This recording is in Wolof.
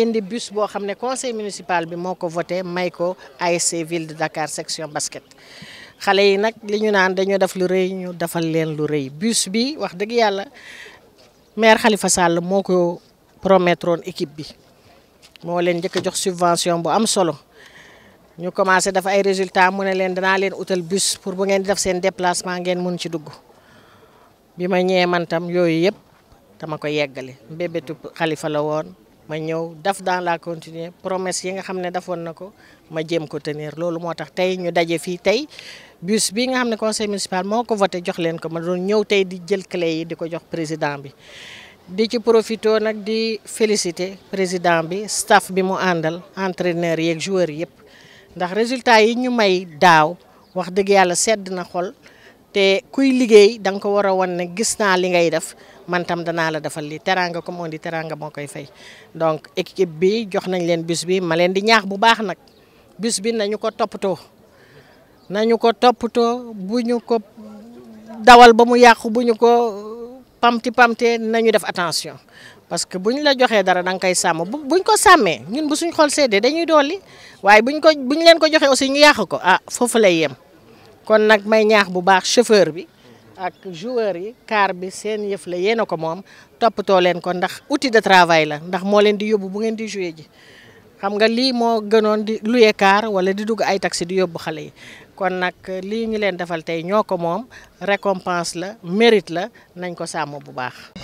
indi bus boo xam ne conseil municipal bi moo ko voté may ko ay ville de Dakar section basket xale yi nag li ñu naan dañoo def lu rëy ñu defal leen lu rëy bus bi wax dëgg yàlla maire xalifa sàll moo ko promettroon équipe bi moo leen njëkk jox subvention bu am solo ñu commencé dafa ay résultat mu ne leen danaa leen utal bus pour bu ngeen di def seen déplacement ngeen mun ci dugg bi ma ñëwee man yooyu yëpp dama ko yeggale mbébétu Khalifa la woon. ma ñëw daf dans la continuer promesse yi nga xam ne defoon na ko ma jéem ko tenir loolu moo tax tey ñu daje fii tey bus bi nga xam ne conseil municipal moo ko voté jox leen ko ma doon ñëw tey di jël clé yi di ko jox président bi di ci profité nag di féliciter président bi staff bi mu àndal entraîneur yeeg joueurs yëpp ndax résultat yi ñu may daaw wax dëgg yàlla sedd na xol te kuy liggéey danga ko war a wan ne gis naa li ngay def mantam tam danaa la defal li teraanga comme on di teraanga moo koy fay donc équipe bi jox nañ leen bis bi ma leen di ñaax bu baax nag bis bi nañu ko toppatoo nañu ko toppatoo bu ñu ko dawal ba mu yàqu bu ñu ko pamti pamte nañu def attention parce que bu ñu la joxee dara da nga koy sàmm bu bu buñ ko sàmmee ñun bu suñ xool seddee dañuy dolli waaye buñ ko buñ leen ko joxee aussi ñu yàq ko ah foofu lay yem. kon nag may ñaax bu baax chauffeur bi ak joueur yi car bi seen yëf la yéen a ko moom toppatoo leen kon ndax uti de travail la ndax moo leen di yóbbu bu ngeen di jouer ji xam nga lii moo gënoon di louer car wala di dugg ay taxi di yóbbu xale yi kon nag lii ñu leen defal tey ñoo ko moom récompense la mérite la nañ ko sàmm bu baax